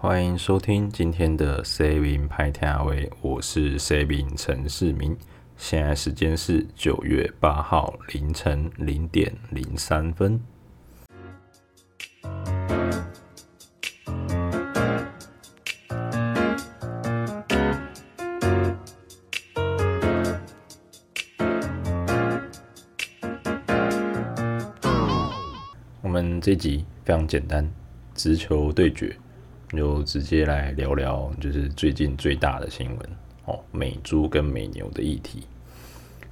歡迎收聽今天的 Saving 派聽會，我是 Saving 陳世明。現在時間是九月八號凌晨零點零三分。 我們這集非常簡單，直球對決。就直接來聊聊，就是最近最大的新聞哦，美豬跟美牛的議題。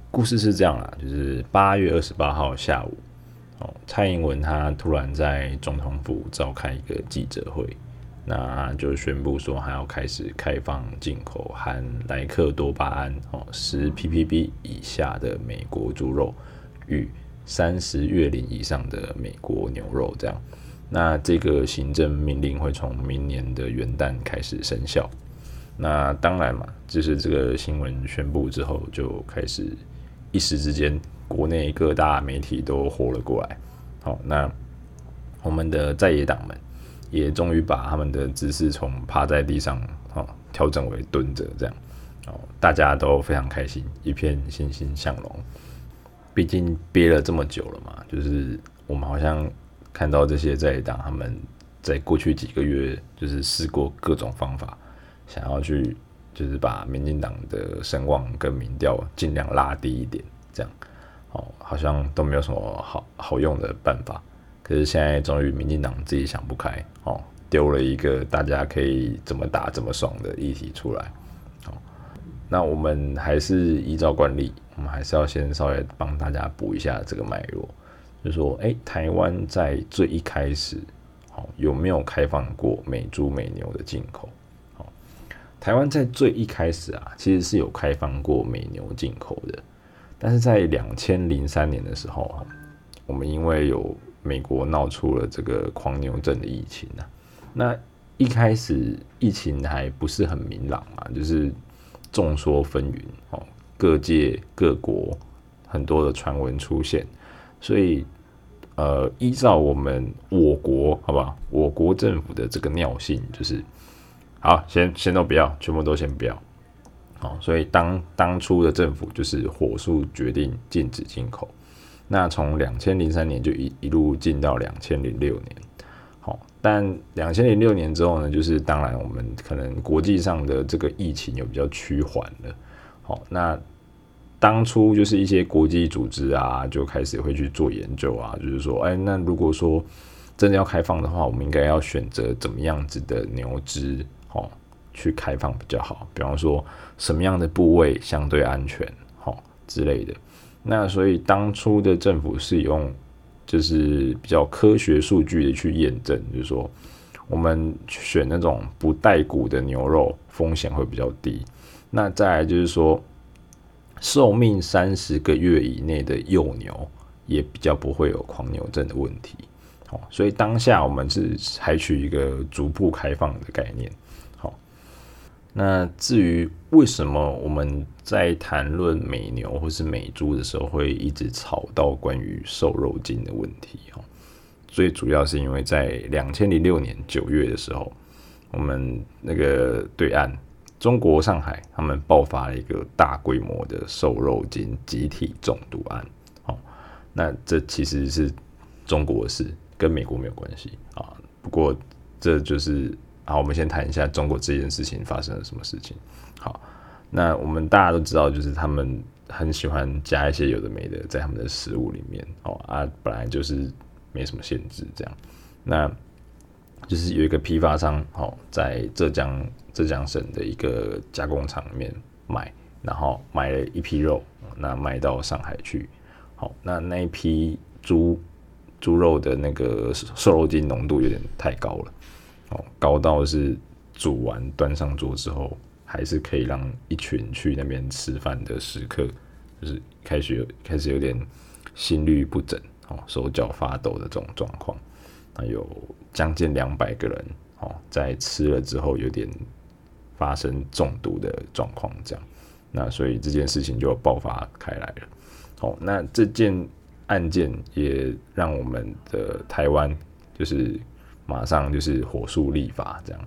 故事是這樣啦，就是八月二十八號下午，哦，蔡英文她突然在總統府召開一個記者會，那就宣布說，她要開始開放進口含萊克多巴胺哦十 ppb 以下的美國豬肉與三十月齡以上的美國牛肉，這樣。那這個行政命令會從明年的元旦開始生效。那當然嘛，就是這個新聞宣布之後，就開始一時之間，國內各大媒體都活了過來。好，哦，那我們的在野黨們也終於把他們的姿勢從趴在地上，哦，調整為蹲着，這樣。哦，大家都非常開心，一片欣欣向榮。畢竟憋了這麼久了嘛，就是我們好像。看到這些在黨，他們在過去幾個月就是試過各種方法，想要去就是把民進黨的聲望跟民調盡量拉低一點，這樣哦，好像都沒有什麼好好用的辦法。可是現在終於民進黨自己想不開哦，丟了一個大家可以怎麼打怎麼爽的議題出來。好，那我們還是依照慣例，我們還是要先稍微幫大家補一下這個脈絡。就是說，哎、欸，台灣在最一開始，哦，有沒有開放過美豬美牛的進口？哦，台灣在最一開始啊，其實是有開放過美牛進口的，但是在兩千零三年的時候啊，我們因為有美國鬧出了這個狂牛症的疫情啊，那一開始疫情還不是很明朗啊，就是眾說紛紜哦，各界各國很多的傳聞出現。所以，呃，依照我們我國好不好？我國政府的這個尿性就是，好，先先都不要，全部都先不要，好。所以當當初的政府就是火速決定禁止進口，那從兩千零三年就一一路禁到兩千零六年，好。但兩千零六年之後呢，就是當然我們可能國際上的這個疫情有比較趨緩了，好，那。當初就是一些國際組織啊，就開始會去做研究啊，就是說，哎、欸，那如果說真的要開放的話，我們應該要選擇怎麼樣子的牛隻，哈、哦，去開放比較好。比方說，什麼樣的部位相對安全，哈、哦，之類的。那所以當初的政府是用就是比較科學數據的去驗證，就是說，我們選那種不帶骨的牛肉，風險會比較低。那再來就是說。壽命三十個月以內的幼牛也比較不會有狂牛症的問題，所以當下我們是採取一個逐步開放的概念，好。那至於為什麼我們在談論美牛或是美豬的時候，會一直吵到關於瘦肉精的問題，哦，最主要是因為在兩千零六年九月的時候，我們那個對岸。中國上海，他們爆發了一個大規模的瘦肉精集體中毒案。好、哦，那這其實是中國的事，跟美國沒有關係啊、哦。不過，這就是，好，我們先談一下中國這件事情發生了什麼事情。好、哦，那我們大家都知道，就是他們很喜歡加一些有的沒的在他們的食物裡面。哦啊，本來就是沒什麼限制這樣。那就是有一個批發商，哦，在浙江。浙江省的一個加工廠裡面買，然後買了一批肉，那賣到上海去。好，那那一批豬豬肉的那個瘦肉精濃度有點太高了，哦，高到是煮完端上桌之後，還是可以讓一群去那邊吃飯的食客，就是開始開始有點心律不整，哦，手腳發抖的這種狀況。那有將近兩百個人，哦，在吃了之後有點。發生中毒的狀況，這樣，那所以這件事情就爆發開來了。好、哦，那這件案件也讓我們的台灣就是馬上就是火速立法，這樣。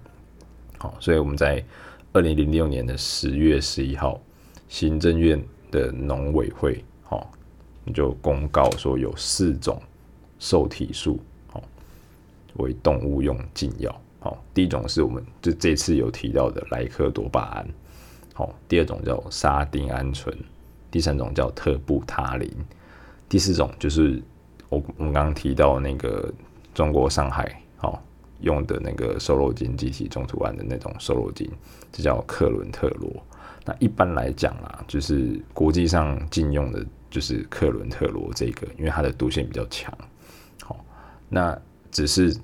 好、哦，所以我們在二零零六年的十月十一號，行政院的農委會，好、哦，就公告說有四種受體素，好、哦，為動物用禁藥。好、哦，第一種是我們就這次有提到的萊克多巴胺，好、哦，第二種叫沙丁胺醇，第三種叫特布他林，第四種就是我我們剛剛提到那個中國上海好、哦、用的那個瘦肉精集體中毒案的那種瘦肉精，這叫克倫特羅。那一般來講啊，就是國際上禁用的，就是克倫特羅這個，因為它的毒性比較強。好、哦，那只是。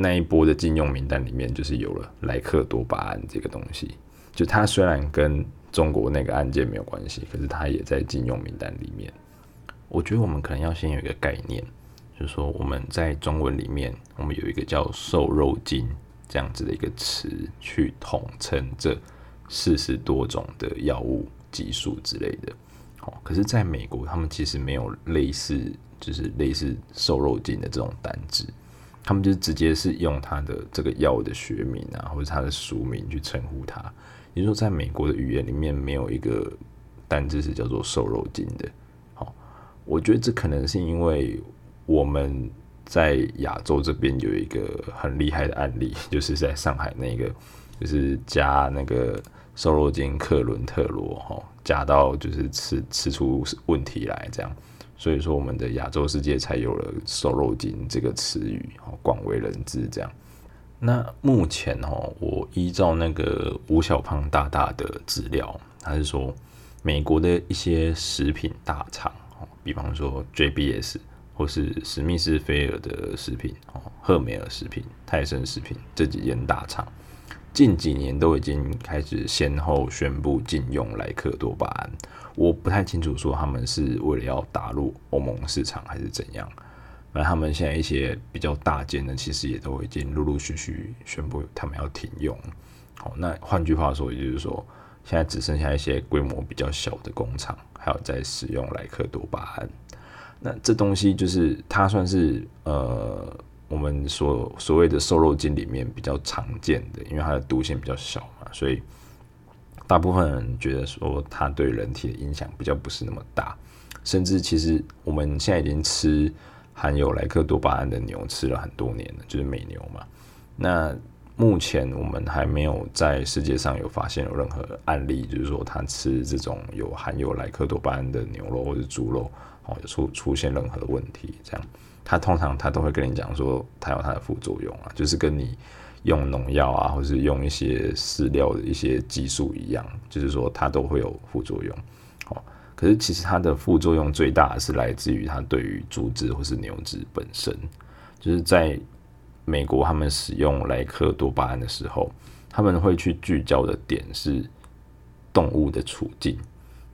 那一波的禁用名單裡面，就是有了萊克多巴胺這個東西。就它雖然跟中國那個案件沒有關係，可是它也在禁用名單裡面。我覺得我們可能要先有一個概念，就是說我們在中文裡面，我們有一個叫瘦肉精這樣子的一個詞，去統稱這四十多種的藥物激素之類的。好，可是在美國，他們其實沒有類似，就是類似瘦肉精的這種單字。他們就直接是用他的這個藥的學名啊，或者他的俗名去稱呼他，也就是說，在美國的語言裡面沒有一個單字是叫做瘦肉精的。我覺得這可能是因為我們在亞洲這邊有一個很厲害的案例，就是在上海那個，就是加那個瘦肉精克倫特羅，加到就是吃吃出問題來這樣。所以說，我們的亞洲世界才有了“瘦肉精”這個詞語，哦，廣為人知這樣。那目前哦、喔，我依照那個吳小胖大大的資料，他是說，美國的一些食品大廠，哦，比方說 JBS 或是史密斯菲爾的食品，哦，赫美爾食品、泰森食品這幾間大廠，近幾年都已經開始先後宣布禁用萊克多巴胺。我不太清楚說他們是為了要打入歐盟市場還是怎樣，那他們現在一些比較大間呢，其實也都已經陸陸續續宣布他們要停用。好、哦，那換句話說，也就是說，現在只剩下一些規模比較小的工廠還有在使用萊克多巴胺。那這東西就是它算是呃我們所所謂的瘦肉精裡面比較常見的，因為它的毒性比較小嘛，所以。大部分人覺得說它對人體的影響比較不是那麼大，甚至其實我們現在已經吃含有萊克多巴胺的牛吃了很多年了，就是美牛嘛。那目前我們還沒有在世界上有發現有任何案例，就是說它吃這種有含有萊克多巴胺的牛肉或者豬肉，哦出出現任何的問題。這樣，它通常它都會跟你講說，它有它的副作用啊，就是跟你。用農藥啊，或是用一些飼料的一些激素一樣，就是說它都會有副作用。好、哦，可是其實它的副作用最大是來自於它對於豬只或是牛只本身。就是在美國，他們使用萊克多巴胺的時候，他們會去聚焦的點是動物的處境，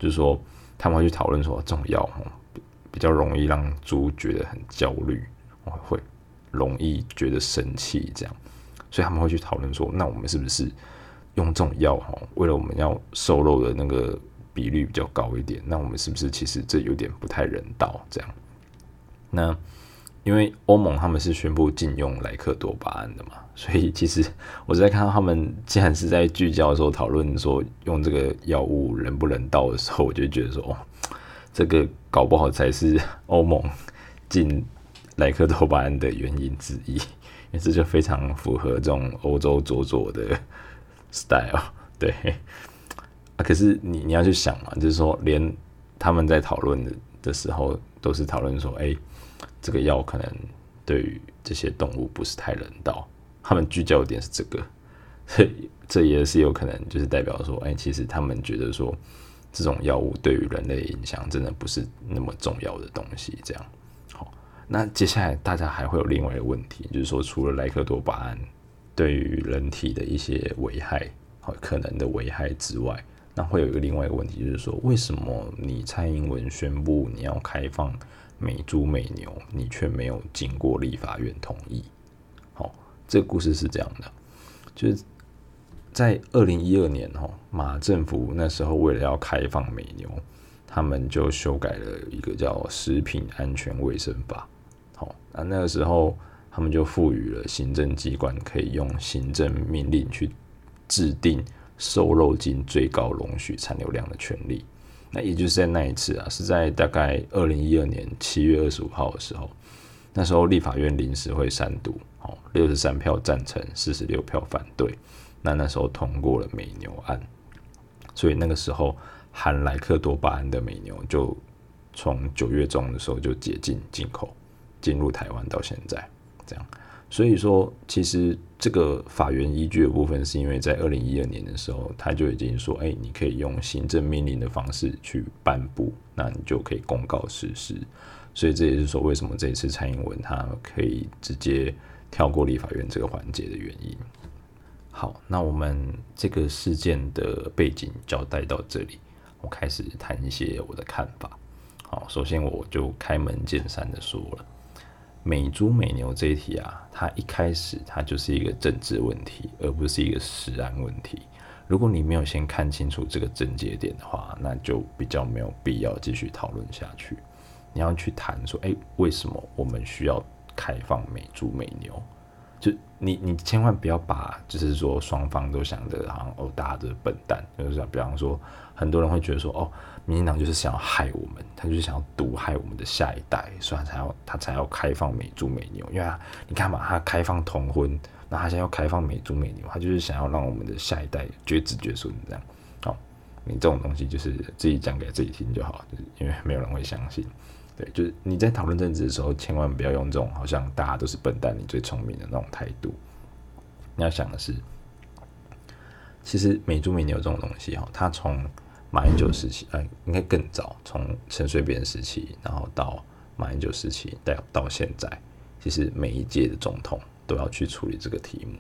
就是說他們會去討論說，這種藥比較容易讓豬覺得很焦慮，會容易覺得生氣這樣。所以他們會去討論說，那我們是不是用這種藥為了我們要瘦肉的那個比率比較高一點，那我們是不是其實這有點不太人道？這樣，那因為歐盟他們是宣布禁用萊克多巴胺的嘛，所以其實我是在看到他們既然是在聚焦的時候討論說用這個藥物人不人道的時候，我就覺得說哦，這個搞不好才是歐盟禁萊克多巴胺的原因之一。因為這就非常符合這種歐洲左左的 style，對。啊、可是你你要去想嘛，就是說，連他們在討論的的時候，都是討論說，哎、欸，這個藥可能對於這些動物不是太人道。他們聚焦點是這個，所以這也是有可能，就是代表說，哎、欸，其實他們覺得說，這種藥物對於人類影響，真的不是那麼重要的東西，這樣。那接下來大家還會有另外一個問題，就是說除了萊克多巴胺對於人體的一些危害，好，可能的危害之外，那會有一個另外一個問題，就是說為什麼你蔡英文宣布你要開放美豬美牛，你卻沒有經過立法院同意？好，這個故事是這樣的，就是在二零一二年哈，馬政府那時候為了要開放美牛，他們就修改了一個叫《食品安全衛生法》。好，那那個時候他們就賦予了行政機關可以用行政命令去制定瘦肉精最高容許殘留量的權利。那也就是在那一次啊，是在大概二零一二年七月二十五號的時候，那時候立法院臨時會三讀，好，六十三票贊成，四十六票反對，那那時候通過了美牛案，所以那個時候含萊克多巴胺的美牛就從九月中的時候就解禁進口，進入台灣到現在這樣，所以說其實這個法源依據的部分，是因為在二零一二年的時候，他就已經說，哎、欸，你可以用行政命令的方式去頒布，那你就可以公告實施。所以這也是說，為什麼這一次蔡英文他可以直接跳過立法院這個環節的原因。好，那我們這個事件的背景交代到這裡，我開始談一些我的看法。好，首先我就開門見山的說了。美豬美牛這一題啊，它一開始它就是一個政治問題，而不是一個食安問題。如果你沒有先看清楚這個症結點的話，那就比較沒有必要繼續討論下去。你要去談說，哎、欸，為什麼我們需要開放美豬美牛？就你你千萬不要把就是說雙方都想得好像哦，大家都笨蛋，就是比方說。很多人會覺得說：“哦，民進黨就是想要害我們，他就是想要毒害我們的下一代，所以他才要他才要開放美豬美牛。”因為你看嘛，他開放同婚，那他現在要開放美豬美牛，他就是想要讓我們的下一代絕子絕孫這樣。好、哦，你這種東西就是自己講給自己聽就好，就是因為沒有人會相信。對，就是你在討論政治的時候，千萬不要用這種好像大家都是笨蛋，你最聰明的那種態度。你要想的是，其實美豬美牛有這種東西哈，它從馬英九時期，嗯嗯、應該更早，從陳水扁時期，然後到馬英九時期，到到現在，其實每一屆的總統都要去處理這個題目。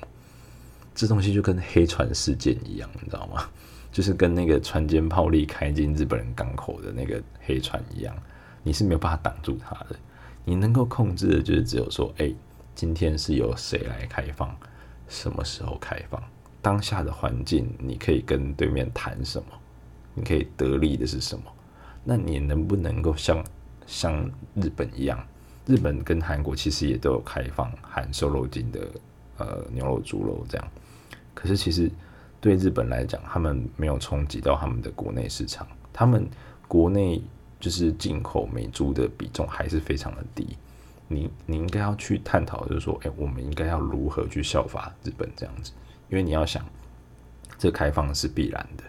這東西就跟黑船事件一樣，你知道嗎？就是跟那個船堅炮利開進日本人港口的那個黑船一樣，你是沒有辦法擋住它的。你能夠控制的，就是只有說，哎、欸，今天是由誰來開放，什麼時候開放，當下的環境，你可以跟對面談什麼。你可以得利的是什麼？那你能不能夠像像日本一樣？日本跟韓國其實也都有開放含瘦肉精的呃牛肉、豬肉這樣。可是其實對日本來講，他們沒有衝擊到他們的國內市場，他們國內就是進口美豬的比重還是非常的低。你你應該要去探討，就是說，哎、欸，我們應該要如何去效法日本這樣子。因為你要想，這開放是必然的。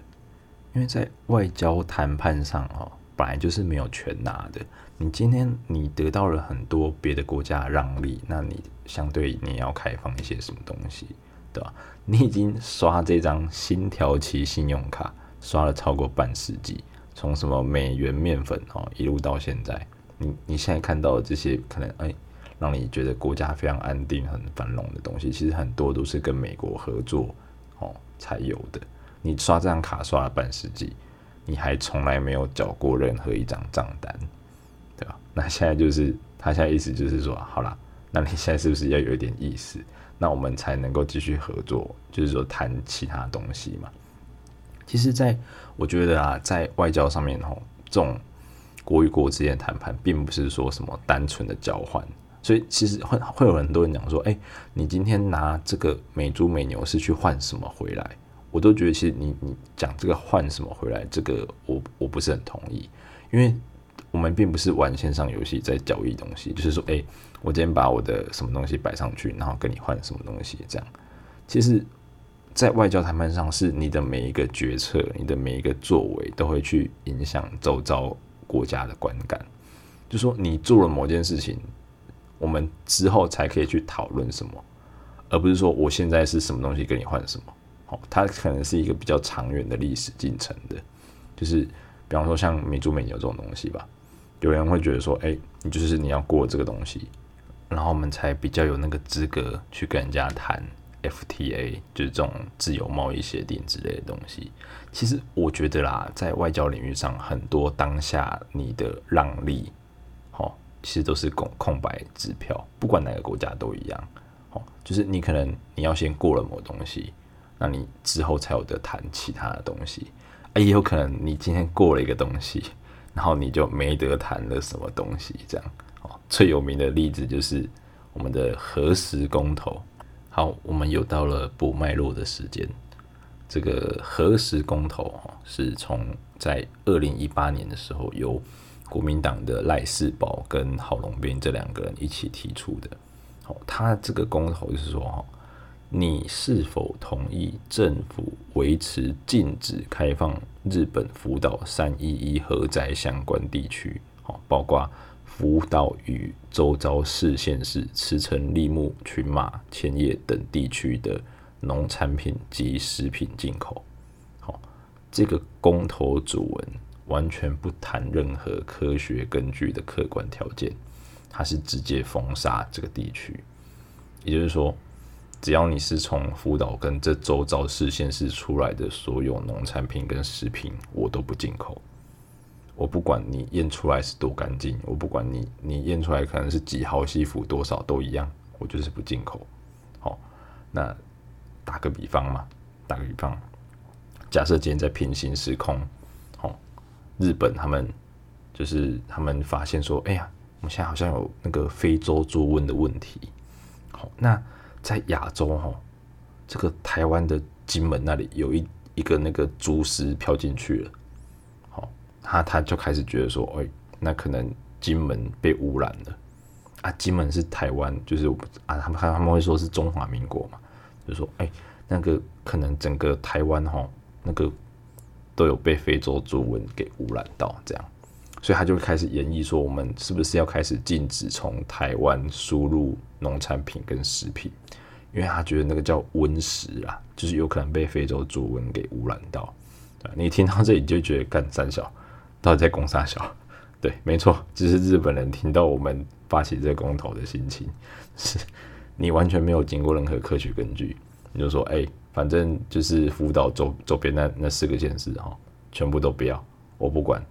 因為在外交談判上哦，本來就是沒有全拿的。你今天你得到了很多別的國家的讓利，那你相對你要開放一些什麼東西，對吧？你已經刷這張星條旗信用卡刷了超過半世紀，從什麼美元面粉哦，一路到現在，你你現在看到的這些可能哎，讓你覺得國家非常安定、很繁榮的東西，其實很多都是跟美國合作哦才有的。你刷這張卡刷了半世紀，你還從來沒有繳過任何一張賬單，對吧？那現在就是他現在意思就是說，好啦，那你現在是不是要有一點意思，那我們才能夠繼續合作，就是說談其他東西嘛。其實，在我覺得啊，在外交上面吼，這種國與國之間的談判，並不是說什麼單純的交換，所以其實會會有很多人講說，哎、欸，你今天拿這個美豬美牛是去換什麼回來？我都覺得，其實你你講這個換什麼回來，這個我我不是很同意，因為我們並不是玩線上遊戲在交易東西，就是說，欸，我今天把我的什麼東西擺上去，然後跟你換什麼東西這樣。其實，在外交談判上，是你的每一個決策、你的每一個作為，都會去影響周遭國家的觀感。就說你做了某件事情，我們之後才可以去討論什麼，而不是說我現在是什麼東西跟你換什麼。它可能是一個比較長遠的歷史進程的，就是比方說像美豬、美牛這種東西吧，有人會覺得說，哎、欸，你就是你要過這個東西，然後我們才比較有那個資格去跟人家談 FTA，就是這種自由貿易協定之類的東西。其實我覺得啦，在外交領域上，很多當下你的讓利，哦，其實都是空空白支票，不管哪個國家都一樣。哦，就是你可能你要先過了某東西。那你之後才有得談其他的東西，哎，也有可能你今天過了一個東西，然後你就沒得談了什麼東西這樣哦。最有名的例子就是我們的核食公投。好，我們又到了補脈絡的時間。這個核食公投哦，是從在二零一八年的時候，由國民黨的賴士葆跟郝龍斌這兩個人一起提出的。他這個公投就是說你是否同意政府維持禁止開放日本福島三一一核災相關地區？哦，包括福島與周遭四縣市：茨城、櫪木、群馬、千葉等地區的農產品及食品進口。好，這個公投主文完全不談任何科學根據的客觀條件，它是直接封殺這個地區。也就是說。只要你是從福島跟這周遭五縣市出來的所有農產品跟食品，我都不進口。我不管你驗出來是多乾淨，我不管你你驗出來可能是幾毫西弗多少都一樣，我就是不進口。好、哦，那打個比方嘛，打個比方，假設今天在平行時空，哦，日本他們就是他們發現說，哎呀，我們現在好像有那個非洲豬瘟的問題。好、哦，那在亞洲哈、哦，這個台灣的金門那裡有一一個那個豬屍飄進去了，好、哦，他他就開始覺得說，哎、欸，那可能金門被污染了啊，金門是台灣，就是啊，他們他們會說是中華民國嘛，就說哎、欸，那個可能整個台灣哈、哦，那個都有被非洲豬瘟給污染到這樣。所以他就開始演繹說，我們是不是要開始禁止從台灣輸入農產品跟食品？因為他覺得那個叫瘟食啊，就是有可能被非洲豬瘟給污染到。啊，你聽到這裡你就覺得，幹三小到底在攻三小？對，沒錯，只，就是日本人聽到我們發起這公投的心情，是你完全沒有經過任何科學根據，你就說，哎、欸，反正就是福島周周邊那那四個縣市哦，全部都不要，我不管。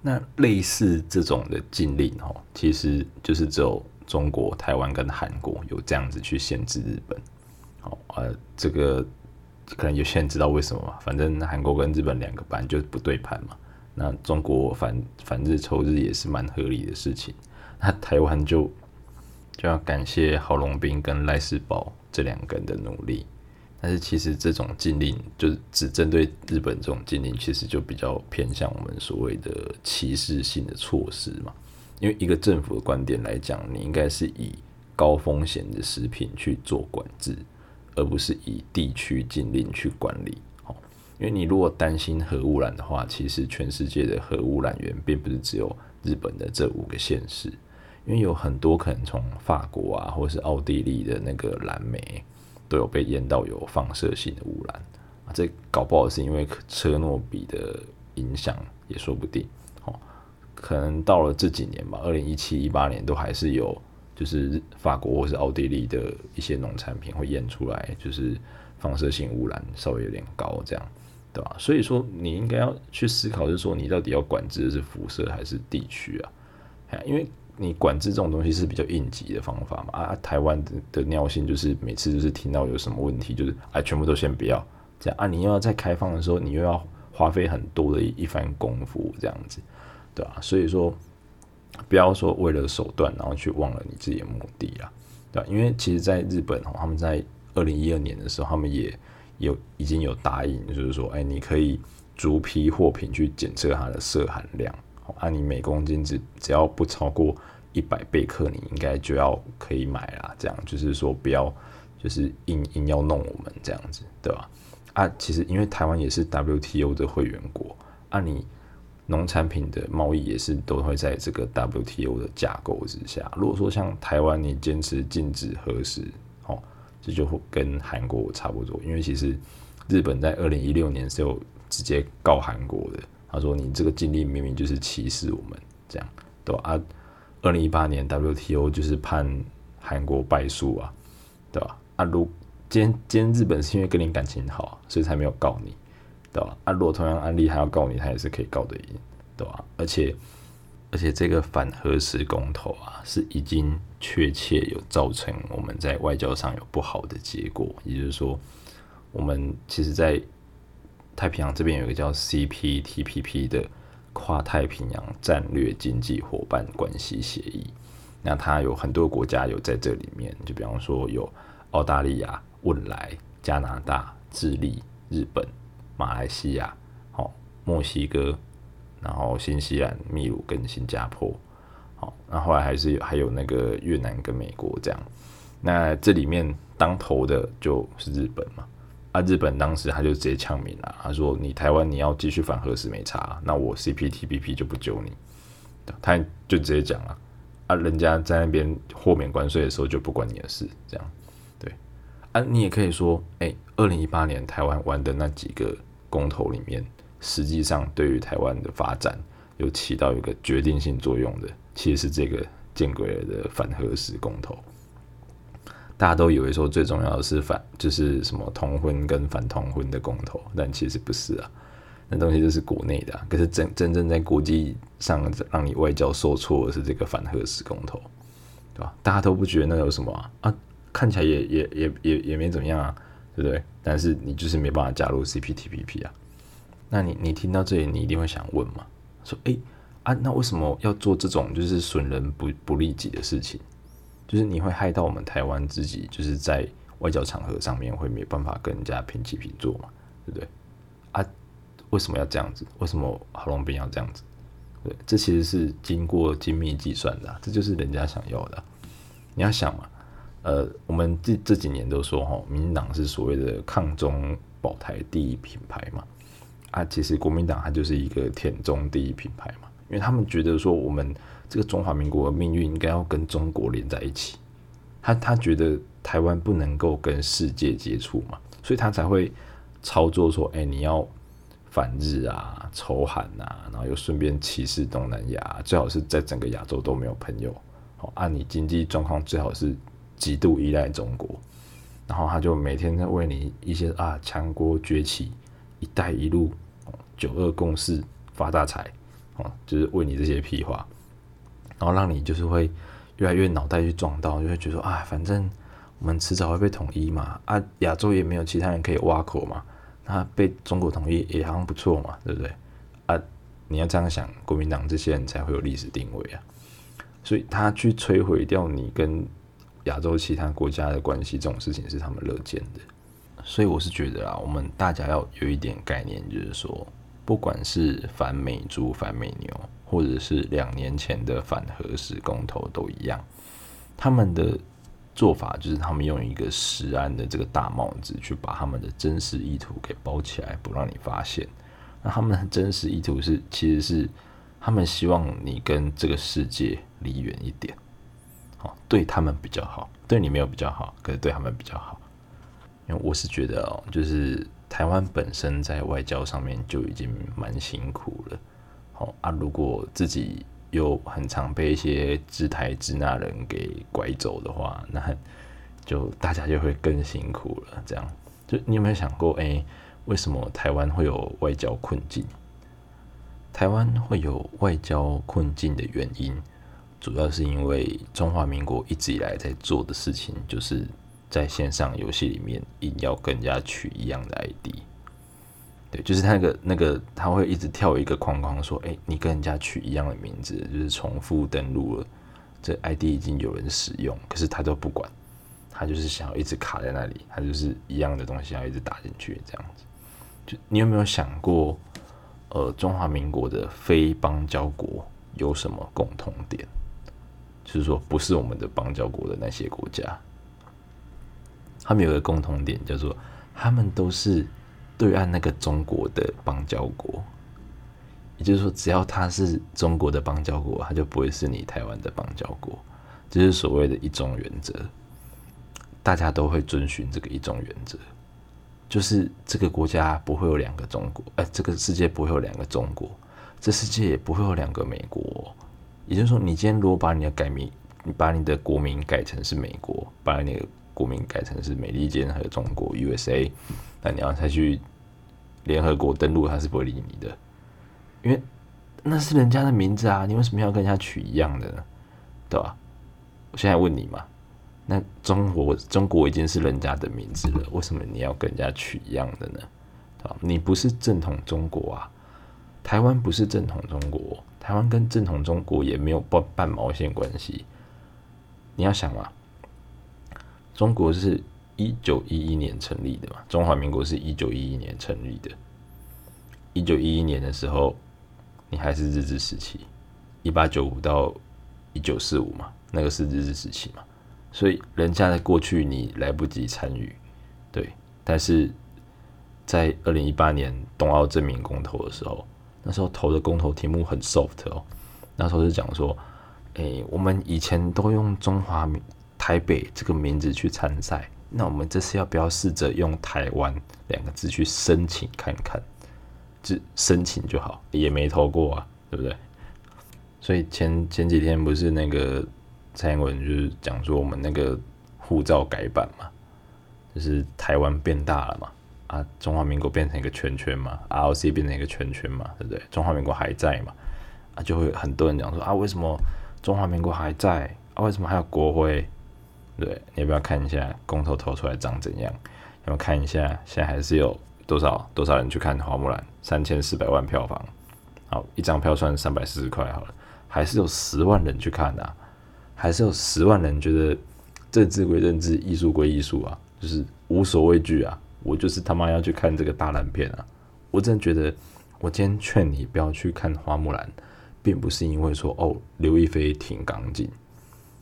那類似這種的禁令哦，其實就是只有中國、台灣跟韓國有這樣子去限制日本。哦，呃，這個可能有些人知道為什麼嘛，反正韓國跟日本兩個班就不對盤嘛。那中國反反日仇日也是蠻合理的事情。那台灣就就要感謝郝龍斌跟賴士葆這兩個人的努力。但是其實這種禁令，就是只針對日本這種禁令，其實就比較偏向我們所謂的歧視性的措施嘛。因為一個政府的觀點來講，你應該是以高風險的食品去做管制，而不是以地區禁令去管理。好，因為你如果擔心核污染的話，其實全世界的核污染源並不是只有日本的這五個縣市，因為有很多可能從法國啊，或是奧地利的那個藍莓。都有被驗到有放射性的污染啊，這搞不好是因為車諾比的影響也說不定。哦，可能到了這幾年吧，二零一七、一八年都還是有，就是法國或是奧地利的一些農產品會驗出來，就是放射性污染稍微有點高這樣，對吧？所以說你應該要去思考，就是說你到底要管制的是輻射還是地區啊？因為。你管制這種東西是比較應急的方法嘛？啊，台灣的的尿性就是每次就是聽到有什麼問題，就是啊，全部都先不要這樣啊！你又要再開放的時候，你又要花費很多的一,一番功夫這樣子，對啊，所以說，不要說為了手段，然後去忘了你自己的目的啊。對吧、啊？因為其實在日本哦，他們在二零一二年的時候，他們也，也有已經有答應，就是說，哎、欸，你可以逐批貨品去檢測它的銫含量。啊，你每公斤只只要不超過一百貝克，你應該就要可以買啦。這樣就是說不要，就是硬硬要弄我們這樣子，對吧？啊，其實因為台灣也是 WTO 的會員國，啊，你農產品的貿易也是都會在這個 WTO 的架構之下。如果說像台灣你堅持禁止核食，哦，這就,就會跟韓國差不多，因為其實日本在二零一六年是有直接告韓國的。他說：“你這個禁令明明就是歧視我們，這樣，對吧、啊？啊，二零一八年 WTO 就是判韓國敗訴啊，對吧、啊？啊，如今天今天日本是因為跟你感情好，所以才沒有告你，對吧、啊？啊，如果同樣案例他要告你，他也是可以告得贏，對吧、啊？而且而且這個反核食公投啊，是已經確切有造成我們在外交上有不好的結果，也就是說，我們其實在。”太平洋這邊有一個叫 CPTPP 的跨太平洋戰略經濟夥伴關係協議，那它有很多國家有在這裡面，就比方說有澳大利亞、汶萊、加拿大、智利、日本、馬來西亞、哦、墨西哥，然後新西蘭、秘魯跟新加坡，然、哦、那後來還是有還有那個越南跟美國這樣，那這裡面當頭的就是日本嘛。日本當時他就直接嗆民了，他說：“你台灣你要繼續反核食沒差，那我 CPTPP 就不救你。”他就直接講了：“啊，人家在那邊豁免關稅的時候，就不管你的事。”這樣，對啊，你也可以說：“哎、欸，二零一八年台灣玩的那幾個公投裡面，實際上對於台灣的發展有起到一個決定性作用的，其實是這個見鬼的反核食公投。”大家都以為說最重要的是反就是什麼同婚跟反同婚的公投，但其實不是啊，那東西就是國內的啊。可是真真正在國際上讓你外交受挫的是這個反核食公投，對吧？大家都不覺得那有什麼啊，啊？看起來也也也也也沒怎麼樣啊，對不對？但是你就是沒辦法加入 CPTPP 啊。那你你聽到這裡，你一定會想問嘛？說哎、欸、啊，那為什麼要做這種就是損人不不利己的事情？就是你會害到我們台灣自己，就是在外交場合上面會沒辦法跟人家平起平坐嘛，對不對？啊，為什麼要這樣子？為什麼郝龍斌要這樣子？對，這其實是經過精密計算的啊，這就是人家想要的啊。你要想嘛，呃，我們這這幾年都說哈哦，民進黨是所謂的抗中保台第一品牌嘛，啊，其實國民黨它就是一個舔中第一品牌嘛。因為他們覺得說，我們這個中華民國的命運應該要跟中國連在一起。他他覺得台灣不能夠跟世界接觸嘛，所以他才會操作說，哎、欸，你要反日啊、仇韓吶、啊，然後又順便歧視東南亞、啊，最好是在整個亞洲都沒有朋友。好，按你經濟狀況，最好是極度依賴中國。然後他就每天在為你一些啊，強國崛起、一帶一路、九二共識發大財。嗯，就是問你這些屁話，然後讓你就是會越來越腦袋去撞到，就會覺得啊，反正我們遲早會被統一嘛，啊，亞洲也沒有其他人可以挖口嘛，那被中國統一也好像不錯嘛，對不對？啊，你要這樣想，國民黨這些人才會有歷史定位啊，所以他去摧毀掉你跟亞洲其他國家的關係，這種事情是他們樂見的，所以我是覺得啊，我們大家要有一點概念，就是說。不管是反美豬、反美牛，或者是兩年前的反核食公投都一樣，他們的做法就是他們用一個食安的這個大帽子去把他們的真實意圖給包起來，不讓你發現。那他們的真實意圖是，其實是他們希望你跟這個世界離遠一點，好，對他們比較好，對你沒有比較好，可是對他們比較好。因為我是覺得哦、喔，就是。台灣本身在外交上面就已經蠻辛苦了，好、哦、啊，如果自己又很常被一些自台自納人給拐走的話，那就大家就會更辛苦了。這樣，就你有沒有想過，哎、欸，為什麼台灣會有外交困境？台灣會有外交困境的原因，主要是因為中華民國一直以來在做的事情就是。在線上遊戲裡面，硬要跟人家取一樣的 ID，對，就是他那個那個，那個、他會一直跳一個框框說：“哎、欸，你跟人家取一樣的名字，就是重複登錄了，這 ID 已經有人使用。”可是他都不管，他就是想要一直卡在那裡，他就是一樣的東西要一直打進去這樣子。就你有沒有想過，呃，中華民國的非邦交國有什麼共同點？就是說，不是我們的邦交國的那些國家。他們有一個共同點，叫做他們都是對岸那個中國的邦交國，也就是說，只要他是中國的邦交國，他就不會是你台灣的邦交國，這是所謂的一中原則，大家都會遵循這個一中原則，就是這個國家不會有兩個中國，哎、呃，這個世界不會有兩個中國，這世界也不會有兩個美國、哦，也就是說，你今天如果把你的改名，你把你的國名改成是美國，把你的國民改成是美利堅和中國 （U.S.A.），那你要再去聯合國登錄，他是不會理你的，因為那是人家的名字啊！你為什麼要跟人家取一樣的呢？對吧、啊？我現在問你嘛，那中國中國已經是人家的名字了，為什麼你要跟人家取一樣的呢？對、啊、你不是正統中國啊，台灣不是正統中國，台灣跟正統中國也沒有半半毛線關係。你要想嘛。中國是一九一一年成立的嘛，中華民國是一九一一年成立的。一九一一年的時候，你還是日治時期，一八九五到一九四五嘛，那個是日治時期嘛。所以人家在過去，你來不及參與，對。但是在二零一八年東奧正名公投的時候，那時候投的公投題目很 soft 哦、喔，那時候是講說，誒、欸，我們以前都用中華民。台北這個名字去參賽，那我們這次要不要試着用台灣兩個字去申請看看？就申請就好，也沒通過啊，對不對？所以前前幾天不是那個蔡英文就是講說我們那個護照改版嘛，就是台灣變大了嘛，啊，中華民國變成一個圈圈嘛，ROC 變成一個圈圈嘛，對不對？中華民國還在嘛，啊，就會很多人講說啊，為什麼中華民國還在？啊，為什麼還有國徽？對，你要不要看一下公投投出來長怎樣？要不要看一下現在還是有多少多少人去看《花木蘭》？三千四百萬票房，好，一張票算三百四十塊好了，還是有十萬人去看的，啊，還是有十萬人覺得政治歸政治，藝術歸藝術啊，就是無所畏懼啊！我就是他媽要去看這個大爛片啊！我真的覺得，我今天勸你不要去看《花木蘭》，並不是因為說哦劉亦菲挺剛勁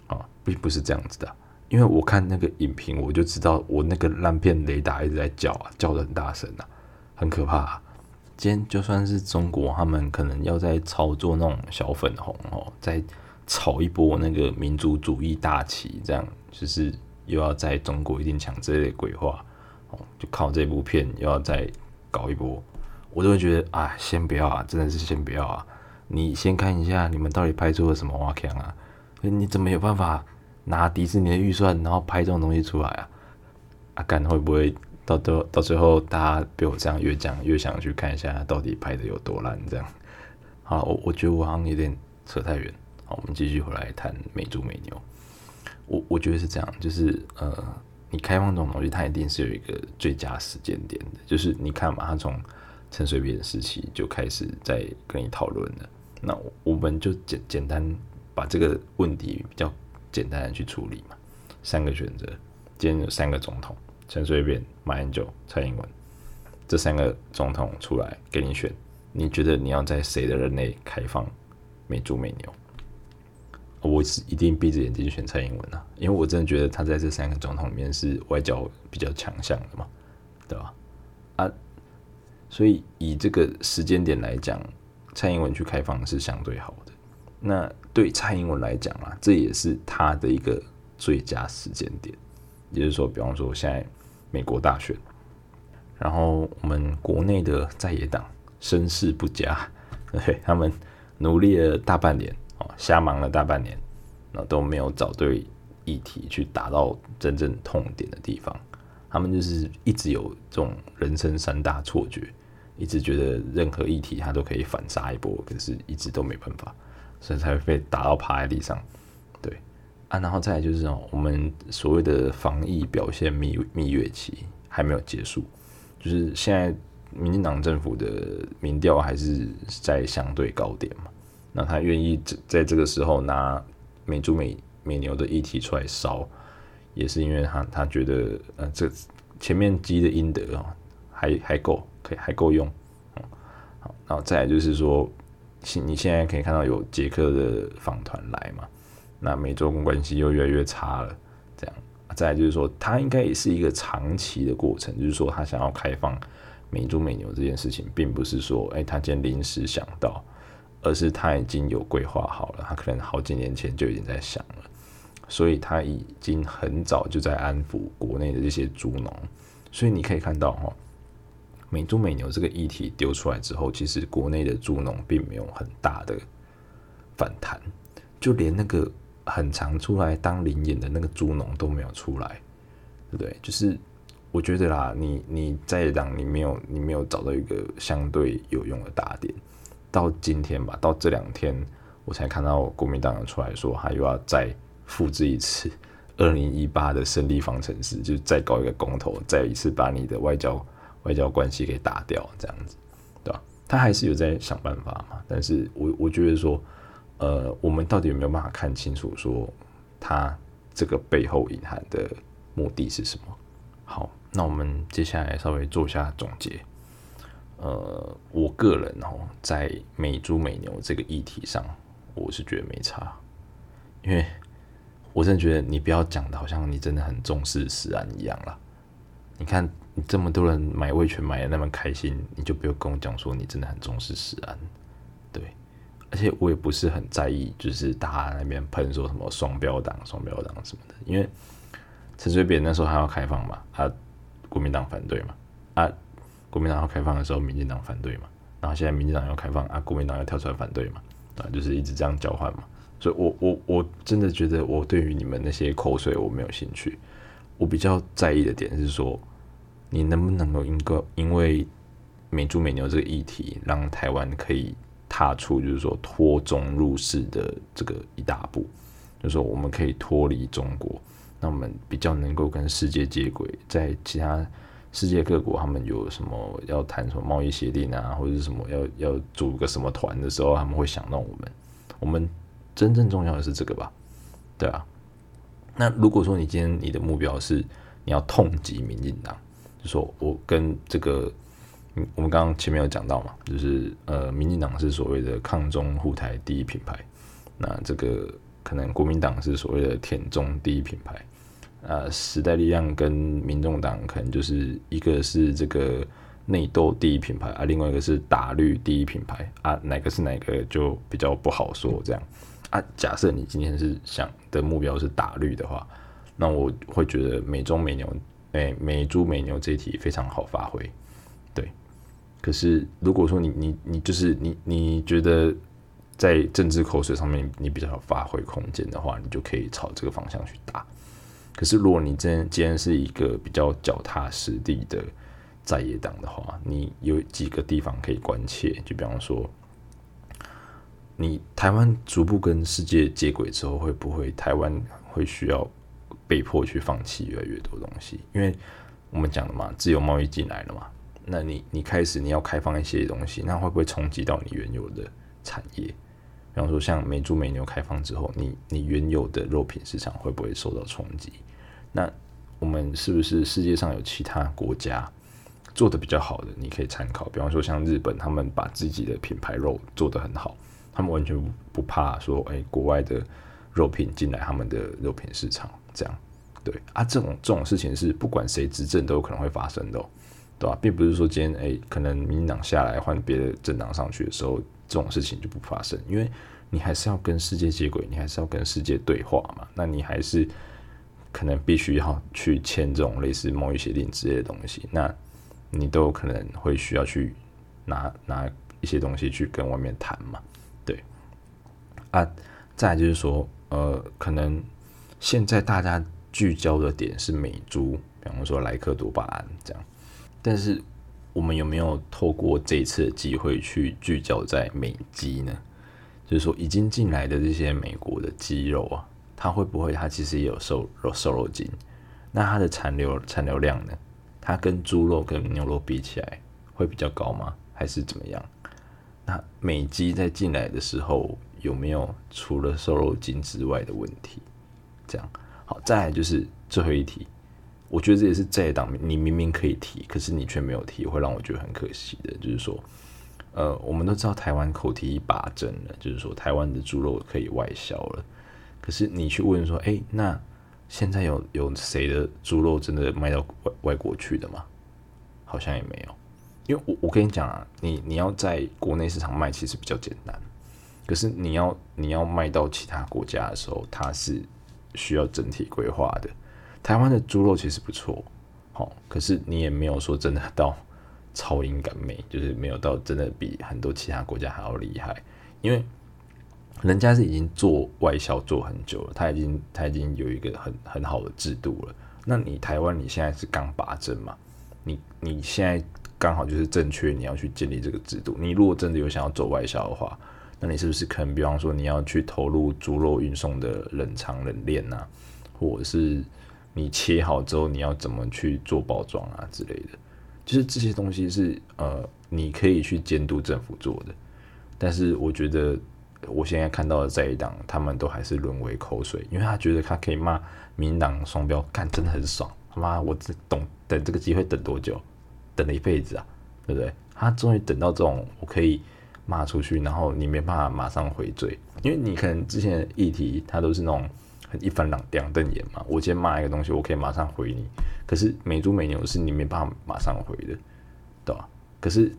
啊，哦，並不是這樣子的。因為我看那個影評，我就知道我那個爛片雷達一直在叫啊，叫的很大聲吶、啊，很可怕、啊。今天就算是中國，他們可能要在操作那種小粉紅哦，再炒一波那個民族主義大旗，這樣就是又要在中國一定搶這類鬼話哦，就靠這部片又要再搞一波，我就會覺得啊、哎，先不要啊，真的是先不要啊，你先看一下你們到底拍出了什麼哇強啊，你怎麼有辦法？拿迪士尼的預算，然後拍這種東西出來啊？阿、啊、甘會不會到到最後，大家被我這樣越講越想去看一下，到底拍的有多爛？這樣，好，我我覺得我好像有點扯太遠。好，我們繼續回來談美豬美牛。我我覺得是這樣，就是呃，你開放這種東西，它一定是有一個最佳時間點的。就是你看嘛，它從陳水扁時期就開始在跟你討論了。那我們就簡簡單把這個問題比較。簡單的去處理嘛，三個選擇，今天有三個總統，陳水扁、馬英九、蔡英文，這三個總統出來給你選，你覺得你要在誰的任內開放美豬美牛？哦，我是一定閉着眼睛去選蔡英文啊，因為我真的覺得他在這三個總統裡面是外交比較強項的嘛，對吧？啊，啊，所以以這個時間點來講，蔡英文去開放是相對好的。那對蔡英文來講啊，這也是他的一個最佳時間點，也就是說，比方說現在美國大選，然後我們國內的在野黨聲勢不佳，對，他們努力了大半年，哦，瞎忙了大半年，那都沒有找對議題去打到真正痛點的地方，他們就是一直有這種人生三大錯覺，一直覺得任何議題他都可以反殺一波，可是一直都沒辦法。所以才會被打到趴在地上，對啊，然後再來就是哦，我們所謂的防疫表現蜜蜜月期還沒有結束，就是現在民進黨政府的民調還是在相對高點嘛，那他願意在在這個時候拿美豬美美牛的議題出來燒，也是因為他他覺得呃這前面積的陰德哦還還夠可以還夠用，好，然後再來就是說。你現在可以看到有捷克的訪團來嘛，那美中關係又越來越差了，這樣。再來就是說，他應該也是一個長期的過程，就是說，他想要開放美豬美牛這件事情，並不是說誒，他、欸、今天臨時想到，而是他已經有規劃好了。他可能好幾年前就已經在想了，所以他已經很早就在安撫國內的這些豬農。所以你可以看到，美豬美牛這個議題丟出來之後，其實國內的豬農並沒有很大的反彈，就連那個很常出來當臨演的那個豬農都沒有出來，對不對？就是我覺得啦，你你在黨你沒有你沒有找到一個相對有用的打點，到今天吧，到這兩天我才看到國民黨有出來說，他又要再複製一次二零一八的勝利方程式，嗯、就再搞一個公投，再一次把你的外交外交關係給打掉，這樣子，對吧、啊？他還是有在想辦法嘛。但是我我覺得說，呃，我們到底有沒有辦法看清楚，說他這個背後隱含的目的是什麼？好，那我們接下來稍微做一下總結。呃，我個人哦，在美豬美牛這個議題上，我是覺得沒差，因為我真覺得你不要講的，好像你真的很重視食安一樣了。你看。你這麼多人買味全買得那麼開心，你就不用跟我講說你真的很重視食安，對，而且我也不是很在意，就是大家那邊噴說什麼雙標黨、雙標黨什麼的，因為陳水扁那時候還要開放嘛，啊，國民黨反對嘛，啊，國民黨要開放的時候，民進黨反對嘛，然後現在民進黨要開放，啊，國民黨要跳出來反對嘛，啊，就是一直這樣交換嘛，所以我我我真的覺得我對於你們那些口水我沒有興趣，我比較在意的點是說。你能不能夠因夠因為美豬美牛這個議題，讓台灣可以踏出就是說脫中入世的這個一大步，就是說我們可以脫離中國，那我們比較能夠跟世界接軌，在其他世界各國他們有什麼要談什麼貿易協定啊，或者是什麼要要組個什麼團的時候，他們會想到我們。我們真正重要的是這個吧？對啊。那如果說你今天你的目標是你要痛擊民進黨。說，我跟這個，嗯，我們剛剛前面有講到嘛，就是呃，民進黨是所謂的抗中護台第一品牌，那這個可能國民黨是所謂的舔中第一品牌，呃，時代力量跟民眾黨可能就是一個是這個內鬥第一品牌啊，另外一個是打綠第一品牌啊，哪個是哪個就比較不好說這樣啊。假設你今天是想的目標是打綠的話，那我會覺得美豬美牛，美美豬美牛這一題非常好發揮，對。可是如果說你你你就是你你覺得在政治口水上面你，你比較有發揮空間的話，你就可以朝這個方向去打。可是如果你真既然是一個比較腳踏實地的在野黨的話，你有幾個地方可以關切，就比方說，你台灣逐步跟世界接軌之後，會不會台灣會需要？被迫去放棄越來越多東西，因為我們講了嘛，自由貿易進來了嘛，那你你開始你要開放一些東西，那會不會衝擊到你原有的產業？比方說像美豬美牛開放之後，你你原有的肉品市場會不會受到衝擊？那我們是不是世界上有其他國家做得比較好的，你可以參考？比方說像日本，他們把自己的品牌肉做得很好，他們完全不怕說，哎、欸，國外的肉品進來他們的肉品市場。這樣，對啊，這種這種事情是不管誰執政都有可能會發生的、哦，對吧、啊？並不是說今天哎、欸，可能民進黨下來換別的政黨上去的時候，這種事情就不發生，因為你還是要跟世界接軌，你還是要跟世界對話嘛，那你還是可能必須要去簽這種類似貿易協定之類的東西，那你都有可能會需要去拿拿一些東西去跟外面談嘛，對。啊，再就是說，呃，可能。現在大家聚焦的點是美豬，比方說萊克多巴胺這樣，但是我們有沒有透過這一次的機會去聚焦在美雞呢？就是說，已經進來的這些美國的雞肉啊，它會不會它其實也有瘦肉瘦肉精？那它的殘留殘留量呢？它跟豬肉跟牛肉比起來會比較高嗎？還是怎麼樣？那美雞在進來的時候有沒有除了瘦肉精之外的問題？這樣好，再來就是最後一題，我覺得這也是這一檔你明明可以提，可是你卻沒有提，會讓我覺得很可惜的。就是說，呃，我們都知道台灣口蹄疫拔針了，就是說台灣的豬肉可以外銷了。可是你去問說，誒、欸，那現在有有誰的豬肉真的賣到外外國去的嗎？好像也沒有，因為我我跟你講啊，你你要在國內市場賣其實比較簡單，可是你要你要賣到其他國家的時候，它是需要整體規劃的，台灣的豬肉其實不錯，好，哦，可是你也沒有說真的到超英趕美，就是沒有到真的比很多其他國家還要厲害，因為人家是已經做外銷做很久了，他已經他已經有一個很很好的制度了，那你台灣你現在是剛拔針嘛，你你現在剛好就是正缺你要去建立這個制度，你如果真的有想要做外銷的話。那你是不是可能，比方說你要去投入豬肉運送的冷藏冷鏈吶、啊，或者是你切好之後你要怎麼去做包裝啊之類的，就是這些東西是呃你可以去監督政府做的，但是我覺得我現在看到的在野黨他們都還是淪為口水，因為他覺得他可以罵民進黨雙標，幹真的很爽，他媽，我這懂等這個機會等多久，等了一輩子啊，對不對？他終於等到這種我可以。罵出去，然後你沒辦法馬上回嘴，因為你可能之前的議題，它都是那種很一翻兩兩瞪眼嘛。我今天罵一個東西，我可以馬上回你，可是美豬美牛是你沒辦法馬上回的，對吧？可是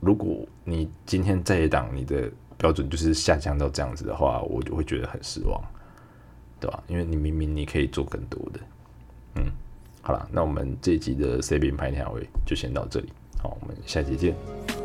如果你今天在野黨你的標準就是下降到這樣子的話，我就會覺得很失望，對吧？因為你明明你可以做更多的，嗯，好啦，那我們這一集的 C i N 排鳥會就先到這裡，好，我們下集見。